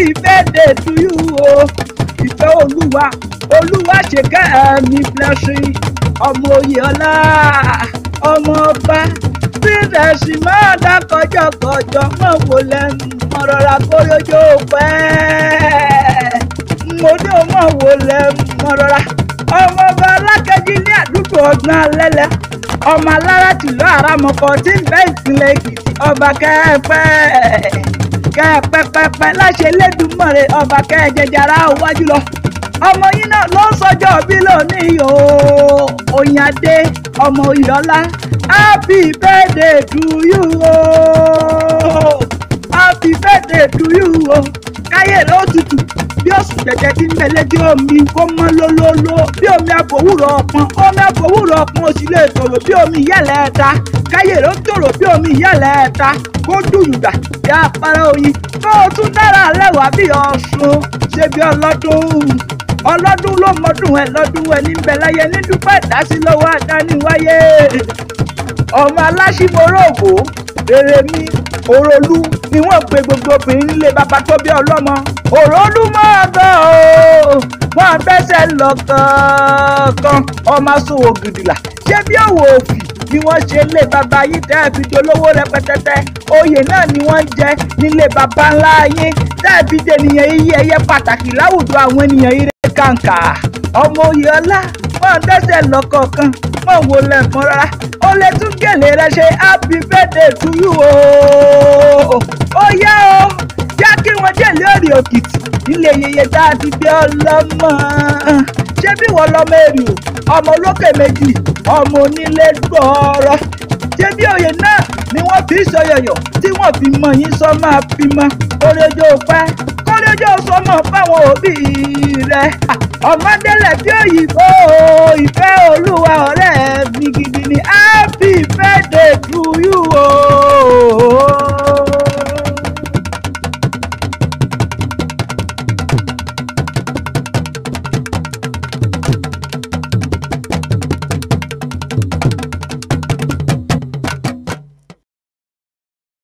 happy birthday to you o ìfẹ́ olúwa olúwa ṣe kẹ́mi blessing ọmọ oyè ọlá ọmọ ọba bíbẹ̀ sì máa dá kọjọkọjọ mọ̀ wò lẹ́nu mọ̀ rọra kórójó pẹ́ mo dé mọ̀ wò lẹ́nu mọ̀ rọra ọmọ ọba alákẹ́jì ní àdúgbò ọgbọ́n alẹ́lẹ́ ọmọ alára tìlú àràmọ̀kọ tí ń bẹ́ ìpínlẹ̀ èkìtì ọba kẹ́ẹ̀pẹ́ kẹ́ pẹ́pẹ́pẹ́ láṣẹ lẹ́dùnmọ̀rẹ́ ọba kẹ́ jẹjàrá òwájú lọ ọmọ yín náà ló ń sọjọ́ bí lónìí o òyìnbó ọmọ ìyọ́lá happy birthday to you o happy birthday to you o káyé ló tutù bí òsùn jẹ̀jẹ̀ tí ń bẹ lẹ́jẹ̀ omi kó mọ́ lólóló bí omi àbòwúrọ̀ ọ̀pọ̀n omi àbòwúrọ̀ ọ̀pọ̀n ó sì lè tòrò bí omi ìyẹ̀lẹ̀ ẹ̀ta káyè ló tòrò bí omi ìyẹ̀lẹ̀ ẹ̀ta kó dùnyùgbà bí apara oyin kó o tún dára lẹ́wà bí ọ̀ṣun ṣe bí ọlọ́dún ọlọ́dún ló mọdún ẹ lọ́dún ẹ ní láyé ní dúpẹ́ ìdásí lọ́wọ́ àdániwáyé ọmọ aláṣìmọ́rọ̀ ògbó rere mi òròlú ni wọ́n pe gbogbo obìnrin nílé bàbá tó bí ọlọ́mọ òròlú máa gbọ́ o wọ́n gbẹ́sẹ̀ lọ kọ̀ọ̀kan ọmọ sòwò gidìlà ṣé bí òwò òfì bí wọ́n ṣe lé bàbá yìí tẹ́ ẹ̀ fi rẹpẹtẹtẹ oyè náà ni wọ́n ń jẹ nílé bàbá ńlá yín tẹ́ ẹ̀ fi dènìyàn iye ẹyẹ pàtàkì láwùjọ àwọn ènìyàn ire kàǹkà ọmọ oyè ọlá wọ́n gbẹ́sẹ̀ lọ kọ̀ọ̀kan mọ̀ wò lẹ́ẹ̀kan rárá o lè tún gèlè rẹ ṣe happy birthday to you o ó yá o yá kí wọ́n jèlé òrì òkìtì ilé yeye tá a ti gbé ọlọ́mọ ṣé bí wọ́n lọ́mọ èrè o ọmọ olókè méjì ọmọ onílé gbọ́ọ́rọ́ ṣé bí òye náà ni wọ́n fi sọyọ̀yọ̀ tí wọ́n fi mọ yín sọ máa fi mọ orejo pẹ́ kórejò sọmọ fáwọn òbí rẹ̀ ọmọdélẹ̀ bí òyìnbó ìfẹ́ olúwa ọ̀rẹ́.